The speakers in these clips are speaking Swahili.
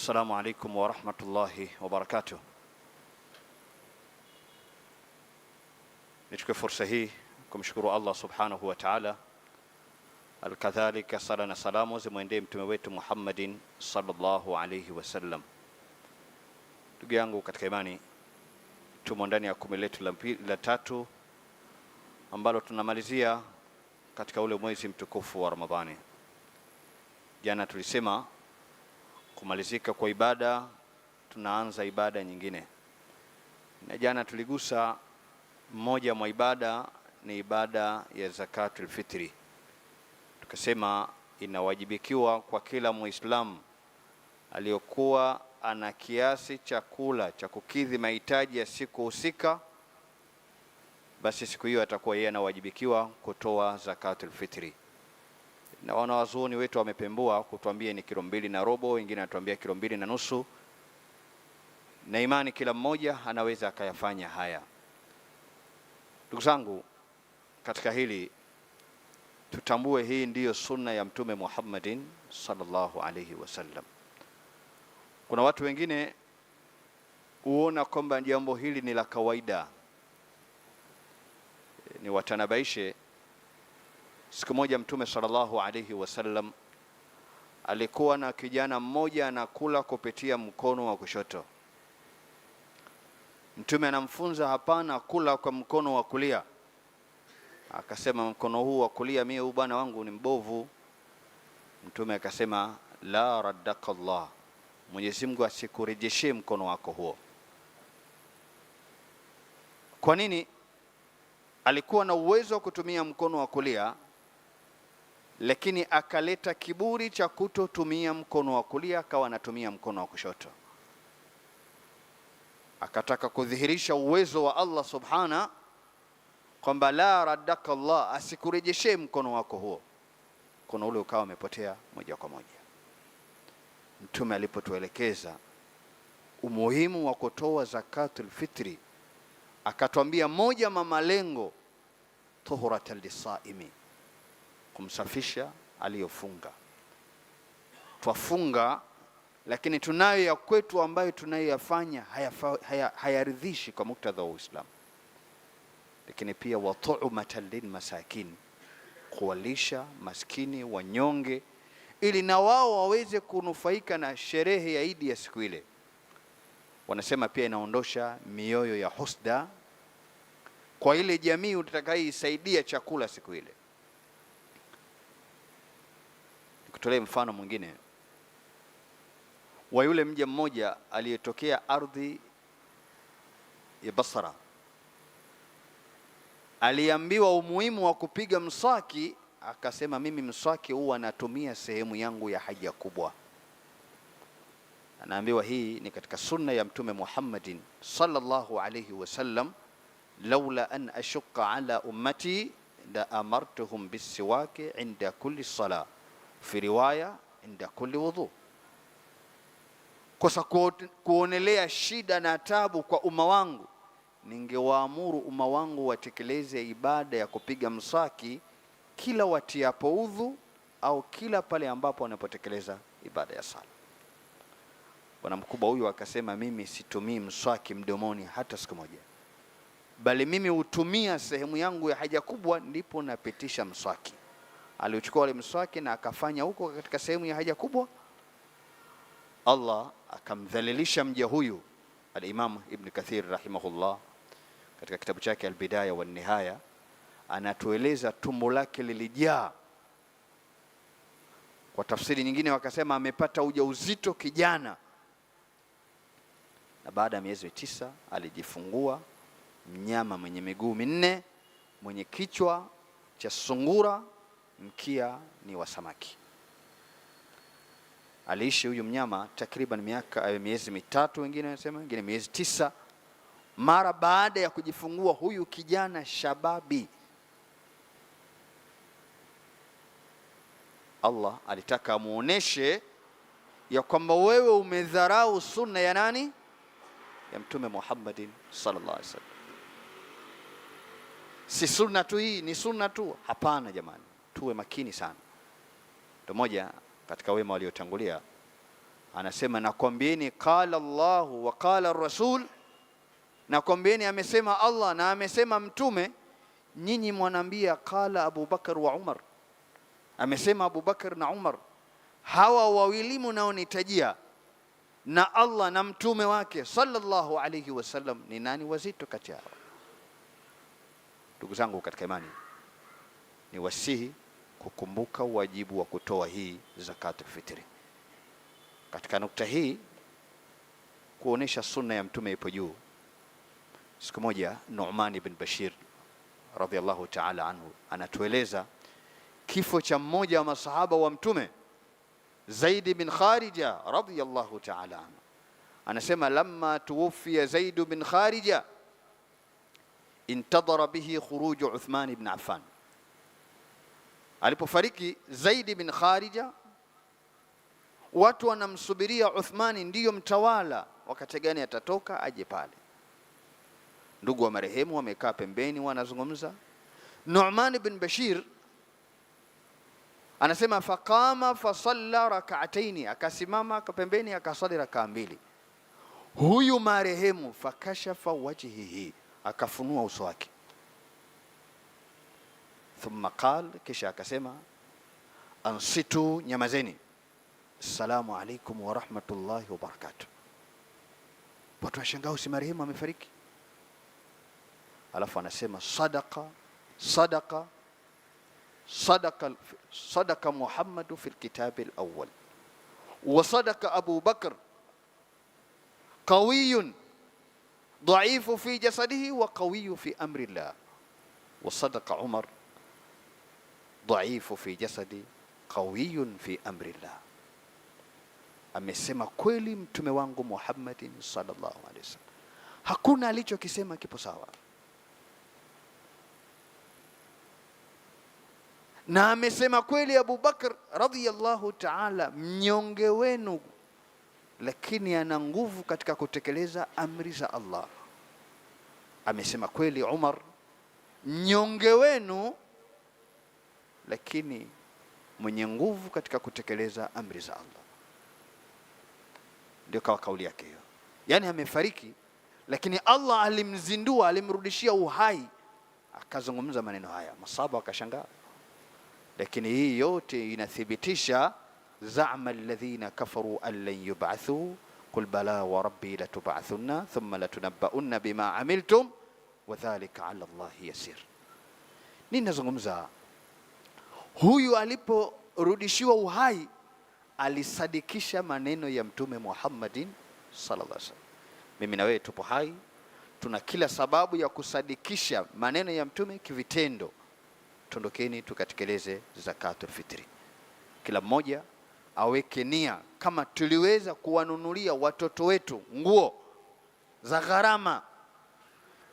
Assalamu alaikum warahmatullahi wabarakatuh. Nichukue fursa hii kumshukuru Allah subhanahu wa ta'ala, alkadhalika sala na salamu zimwendee mtume wetu Muhammadin sallallahu alayhi wasallam. Ndugu yangu katika imani, tumo ndani ya kumi letu la, la tatu ambalo tunamalizia katika ule mwezi mtukufu wa Ramadhani. Jana tulisema kumalizika kwa ibada tunaanza ibada nyingine, na jana tuligusa mmoja mwa ibada ni ibada ya zakatul fitri, tukasema inawajibikiwa kwa kila Muislamu aliyokuwa ana kiasi cha kula cha kukidhi mahitaji ya siku husika, basi siku hiyo atakuwa yeye anawajibikiwa kutoa zakatul fitri na wanawazuoni wetu wamepembua kutuambia ni kilo mbili na robo, wengine anatuambia kilo mbili na nusu, na imani kila mmoja anaweza akayafanya haya. Ndugu zangu, katika hili tutambue, hii ndiyo sunna ya Mtume Muhammadin sallallahu alaihi wasallam. Kuna watu wengine huona kwamba jambo hili ni la kawaida. E, ni watanabaishe Siku moja Mtume sallallahu alaihi wasallam alikuwa na kijana mmoja anakula kupitia mkono wa kushoto. Mtume anamfunza hapana, kula kwa mkono wa kulia. Akasema, mkono huu wa kulia mie huu bwana wangu ni mbovu. Mtume akasema, la raddaka Allah, Mwenyezi Mungu asikurejeshee mkono wako huo. Kwa nini? Alikuwa na uwezo wa kutumia mkono wa kulia lakini akaleta kiburi cha kutotumia mkono wa kulia, akawa anatumia mkono wa kushoto. Akataka kudhihirisha uwezo wa Allah subhana kwamba la raddaka Allah, asikurejeshee mkono wako huo. Mkono ule ukawa umepotea moja kwa moja. Mtume alipotuelekeza umuhimu wa kutoa zakatul fitri, akatwambia moja mamalengo tuhuratan lisaimi kumsafisha aliyofunga. Twafunga, lakini tunayo ya kwetu ambayo tunayoyafanya hayaridhishi haya kwa muktadha wa Uislamu. Lakini pia watuumatan masakin, kuwalisha maskini wanyonge, ili na wao waweze kunufaika na sherehe ya Idi ya siku ile. Wanasema pia inaondosha mioyo ya husda kwa ile jamii utakayoisaidia chakula siku ile. Nikutolee mfano mwingine wa yule mja mmoja aliyetokea ardhi ya Basra, aliambiwa umuhimu wa kupiga mswaki, akasema mimi mswaki huwa natumia sehemu yangu ya haja kubwa. Anaambiwa hii ni katika sunna ya Mtume Muhammadin sallallahu alayhi wasallam, laula an ashuqa ala ummati la amartuhum bisiwaki inda kulli salah fi riwaya inda kulli wudhu. Kosa kuonelea shida na tabu kwa umma wangu, ningewaamuru umma wangu watekeleze ibada ya kupiga mswaki kila watiapo udhu au kila pale ambapo wanapotekeleza ibada ya sala. Bwana mkubwa huyu akasema, mimi situmii mswaki mdomoni hata siku moja, bali mimi hutumia sehemu yangu ya haja kubwa, ndipo napitisha mswaki aliuchukua ule mswaki na akafanya huko katika sehemu ya haja kubwa, Allah akamdhalilisha mja huyu. Al-Imam Ibn Kathir rahimahullah katika kitabu chake Al-Bidaya wa Nihaya anatueleza tumbo lake lilijaa. Kwa tafsiri nyingine wakasema amepata ujauzito kijana, na baada ya miezi tisa alijifungua mnyama mwenye miguu minne mwenye kichwa cha sungura mkia ni wa samaki. Aliishi huyu mnyama takriban miaka eh, miezi mitatu, wengine wanasema wengine miezi tisa. Mara baada ya kujifungua huyu kijana shababi, Allah alitaka amuoneshe ya kwamba wewe umedharau sunna ya nani? Ya Mtume Muhammadin sallallahu alaihi wasallam. Si sunna tu hii, ni sunna tu? Hapana jamani tuwe makini sana. Ndio moja katika wema waliotangulia, anasema nakwambieni, qala Allahu wa qala rasul, nakwambieni amesema Allah na amesema Mtume. Nyinyi mwanaambia qala Abubakar wa Umar, amesema Abubakar na Umar. Hawa wawili mnaonitajia na Allah na mtume wake sallallahu alayhi wasallam, ni nani wazito kati yao? Ndugu zangu katika imani, ni wasihi kukumbuka wajibu wa kutoa hii zakatu fitri. Katika nukta hii kuonesha sunna ya mtume ipo juu. Siku moja Nu'man ibn Bashir radhiallahu ta'ala anhu anatueleza kifo cha mmoja wa masahaba wa mtume Zaid bin Kharija radhiallahu ta'ala anhu, anasema lamma tuwufia Zaid bin Kharija intadhara bihi khuruju Uthman ibn Affan Alipofariki Zaidi bin Kharija, watu wanamsubiria Uthmani ndiyo mtawala, wakati gani atatoka aje pale. Ndugu wa marehemu wamekaa pembeni, wanazungumza. Nu'man bin Bashir anasema faqama fasalla rakaataini akasimama pembeni akasali rakaa mbili. Huyu marehemu fakashafa wajhihi, akafunua uso wake thumma qal, kisha akasema ansitu, nyamazeni, assalamu alaikum wa rahmatullahi wa barakatuh. Watu washangaa, si marehemu amefariki? Alafu anasema sadaqa sadaqa sadaqa sadaqa Muhammadu fi lkitabi lawal wa sadaqa Abu Bakr qawiyun dhaifu fi jasadihi wa qawiyu fi amri llah wa sadaqa Umar dhaifu fi jasadi qawiyun fi amrillah. Amesema kweli mtume wangu Muhammadin sallallahu alaihi wasallam, hakuna alichokisema kipo sawa, na amesema kweli Abu Bakr radhiyallahu ta'ala, mnyonge wenu, lakini ana nguvu katika kutekeleza amri za Allah. Amesema kweli Umar, mnyonge wenu lakini mwenye nguvu katika kutekeleza amri za Allah. Ndio kawa kauli yake hiyo, yaani amefariki, lakini Allah alimzindua, alimrudishia uhai, akazungumza maneno haya. Masaba wakashangaa, lakini hii yote inathibitisha zama alladhina kafaru an lan yubathu qul bala wa rabbi latubathunna thumma latunabbaunna bima amiltum wa dhalika ala Allahi yasir. Nini nazungumza Huyu aliporudishiwa uhai alisadikisha maneno ya Mtume Muhammadin sallallahu alaihi wasallam. Mimi na wewe tupo hai, tuna kila sababu ya kusadikisha maneno ya Mtume kivitendo. Tondokeni tukatekeleze zakatul fitri, kila mmoja aweke nia. Kama tuliweza kuwanunulia watoto wetu nguo za gharama,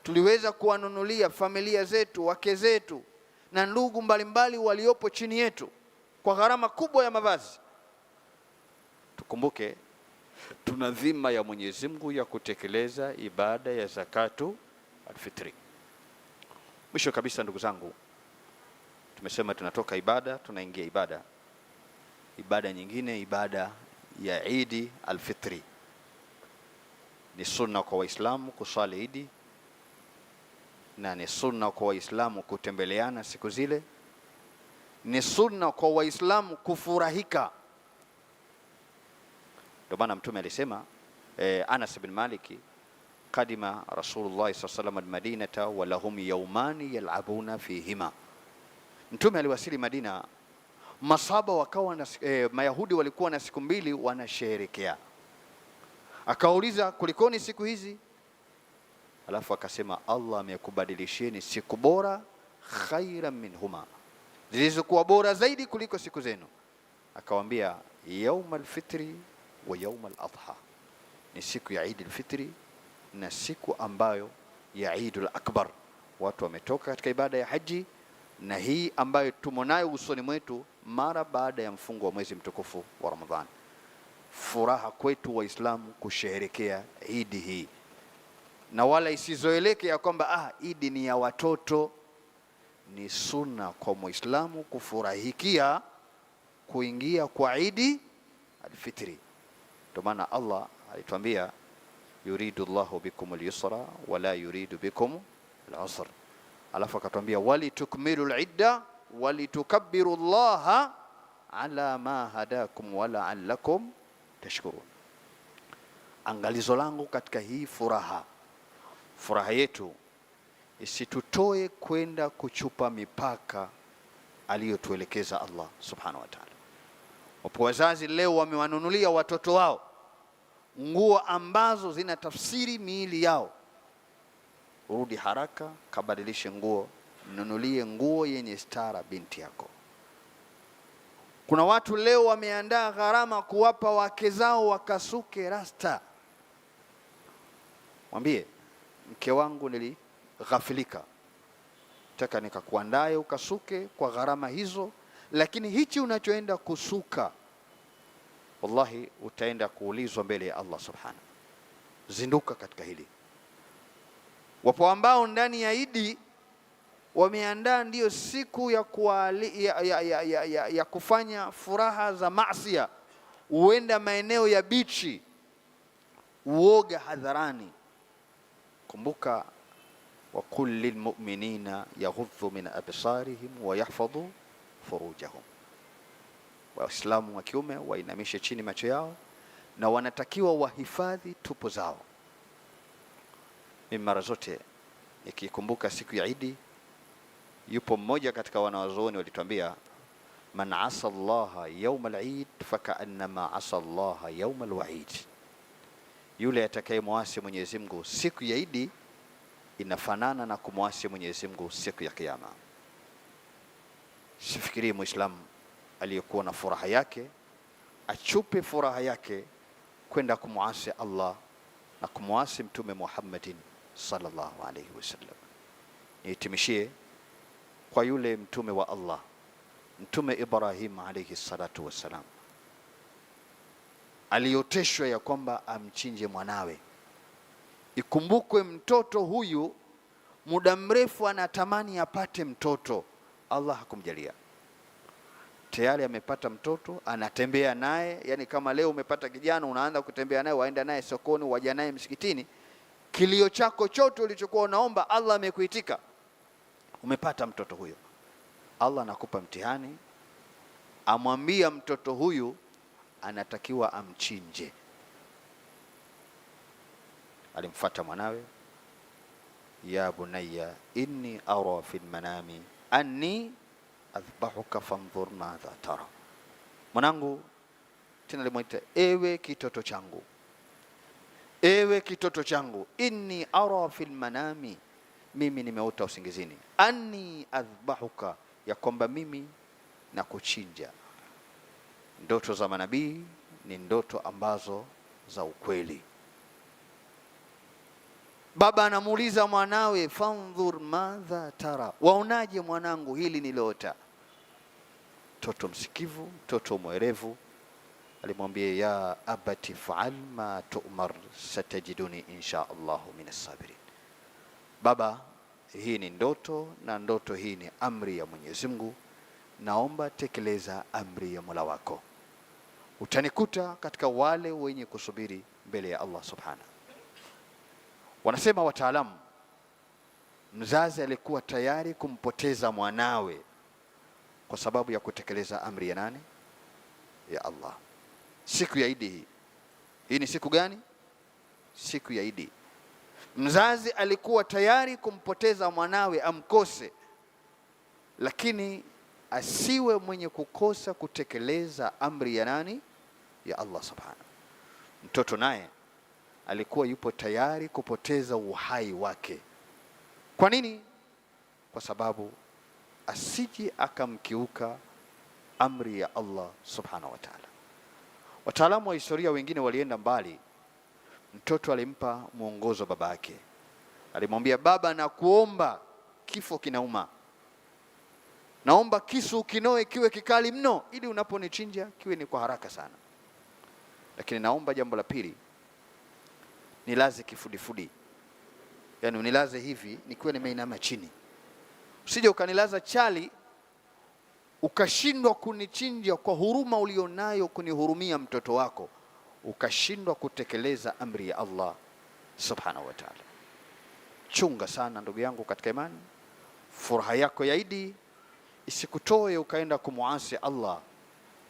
tuliweza kuwanunulia familia zetu, wake zetu na ndugu mbalimbali waliopo chini yetu kwa gharama kubwa ya mavazi. Tukumbuke tuna dhima ya Mwenyezi Mungu ya kutekeleza ibada ya zakatu alfitri. Mwisho kabisa, ndugu zangu, tumesema tunatoka ibada tunaingia ibada, ibada nyingine, ibada ya Idi alfitri. Ni sunna kwa Waislamu kusali Idi na ni sunna kwa Waislamu kutembeleana siku zile, ni sunna kwa Waislamu kufurahika. Ndio maana Mtume alisema eh, Anas bin Maliki kadima Rasulullah sallallahu alaihi wasallam almadinata wa lahum yaumani yalabuna fihima, Mtume aliwasili Madina, masaba wakawa na eh, Mayahudi walikuwa na siku mbili wanasherekea. Akauliza, kulikoni siku hizi? alafu akasema Allah amekubadilisheni siku bora khairan minhuma, zilizokuwa bora zaidi kuliko siku zenu. Akawambia yauma alfitri wa yauma ladha, ni siku ya Idi lfitri na siku ambayo ya idu alakbar, watu wametoka katika ibada ya haji, na hii ambayo tumo nayo usoni mwetu mara baada ya mfungo wa mwezi mtukufu wa Ramadhani. Furaha kwetu Waislamu kusheherekea Idi hii na wala isizoeleke ya kwamba ah, Idi ni ya watoto. Ni sunna kwa Muislamu kufurahikia kuingia kwa Idi alfitri. Ndio maana Allah alituambia yuridu llahu bikum lyusra wala yuridu bikum lusr, alafu akatuambia walitukmilu lidda walitukabiru llaha ala ma hadakum walaalakum tashkurun. Angalizo langu katika hii furaha Furaha yetu isitutoe kwenda kuchupa mipaka aliyotuelekeza Allah subhanahu wa ta'ala. Wapo wazazi leo wamewanunulia watoto wao nguo ambazo zina tafsiri miili yao. Rudi haraka, kabadilishe nguo, mnunulie nguo yenye stara binti yako. Kuna watu leo wameandaa gharama kuwapa wake zao wakasuke rasta, mwambie mke wangu, nilighafilika, taka nikakuandaye ukasuke kwa gharama hizo, lakini hichi unachoenda kusuka, wallahi utaenda kuulizwa mbele ya Allah subhanahu. Zinduka katika hili. Wapo ambao ndani ya Idi wameandaa ndiyo siku ya, kuali, ya, ya, ya, ya, ya, ya kufanya furaha za masia, huenda maeneo ya bichi, uoga hadharani Kumbuka, wa wakul lilmuminina yaghudhu min absarihim wa yahfadhu furujahum, Waislamu wa kiume wainamishe chini macho yao na wanatakiwa wahifadhi tupo zao. Mimi mara zote nikikumbuka siku ya Idi, yupo mmoja katika wanawazuoni walituambia, man asa llaha yauma lid fakaannama asa llaha yauma lwaid yule atakayemwasi Mwenyezi Mungu siku ya Idi inafanana na kumwasi Mwenyezi Mungu siku ya Kiyama. Sifikiri Muislamu aliyekuwa na furaha yake achupe furaha yake kwenda kumwasi Allah na kumwasi Mtume Muhammadin sallallahu alayhi wasallam. Nihitimishie kwa yule mtume wa Allah, Mtume Ibrahim alaihi salatu wassalam aliyoteshwa ya kwamba amchinje mwanawe. Ikumbukwe mtoto huyu muda mrefu anatamani apate mtoto, Allah hakumjalia tayari amepata mtoto, anatembea naye. Yani kama leo umepata kijana, unaanza kutembea naye, waenda naye sokoni, waja naye msikitini, kilio chako chote ulichokuwa unaomba Allah amekuitika, umepata mtoto huyo. Allah anakupa mtihani, amwambia mtoto huyu anatakiwa amchinje. Alimfuata mwanawe, ya bunayya inni ara fi lmanami anni adhbahuka fandhur madha tara, mwanangu. Tena alimwita ewe kitoto changu, ewe kitoto changu, inni ara fi lmanami, mimi nimeota usingizini, anni adhbahuka, ya kwamba mimi na kuchinja Ndoto za manabii ni ndoto ambazo za ukweli. Baba anamuuliza mwanawe, fandhur madha tara, waonaje mwanangu hili niloota? Mtoto msikivu, mtoto mwerevu alimwambia, ya abati faal ma tu'mar satajiduni insha allahu min sabirin. Baba, hii ni ndoto na ndoto hii ni amri ya Mwenyezi Mungu, naomba tekeleza amri ya Mola wako utanikuta katika wale wenye kusubiri mbele ya Allah subhana. Wanasema wataalamu, mzazi alikuwa tayari kumpoteza mwanawe kwa sababu ya kutekeleza amri ya nani? Ya Allah. Siku ya Idi hii, hii ni siku gani? Siku ya Idi. Mzazi alikuwa tayari kumpoteza mwanawe amkose, lakini asiwe mwenye kukosa kutekeleza amri ya nani? ya Allah subhanahu. Mtoto naye alikuwa yupo tayari kupoteza uhai wake. Kwa nini? Kwa sababu asije akamkiuka amri ya Allah subhanahu wa ta'ala. Wataalamu wa historia wengine walienda mbali. Mtoto alimpa mwongozo baba yake, alimwambia baba, nakuomba, kifo kinauma, naomba kisu kinoe kiwe kikali mno, ili unaponichinja kiwe ni kwa haraka sana. Lakini naomba jambo la pili, nilaze kifudifudi, yaani unilaze hivi nikiwa nimeinama chini, usije ukanilaza chali ukashindwa kunichinja kwa huruma ulionayo kunihurumia mtoto wako, ukashindwa kutekeleza amri ya Allah subhanahu wa ta'ala. Chunga sana ndugu yangu katika imani, furaha yako yaidi isikutoe ukaenda kumuasi Allah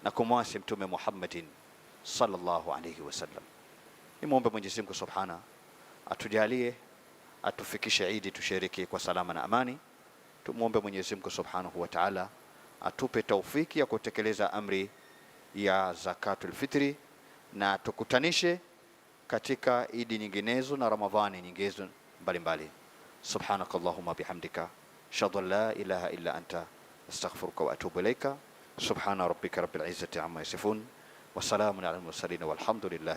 na kumuasi Mtume Muhammadin sallallahu alayhi wasallam. Nimwombe Mwenyezi Mungu subhana atujalie atufikishe Idi tushiriki kwa salama na amani. Tumwombe Mwenyezi Mungu subhanahu wa taala atupe taufiki ya kutekeleza amri ya zakatul fitri na tukutanishe katika Idi nyinginezo na Ramadhani nyinginezo mbalimbali. Subhanakallahumma bihamdika ashhadu an la ilaha illa anta astaghfiruka wa atubu ilaika. Subhana rabbika rabbil izzati amma yasifun والسلام على المرسلين والحمد لله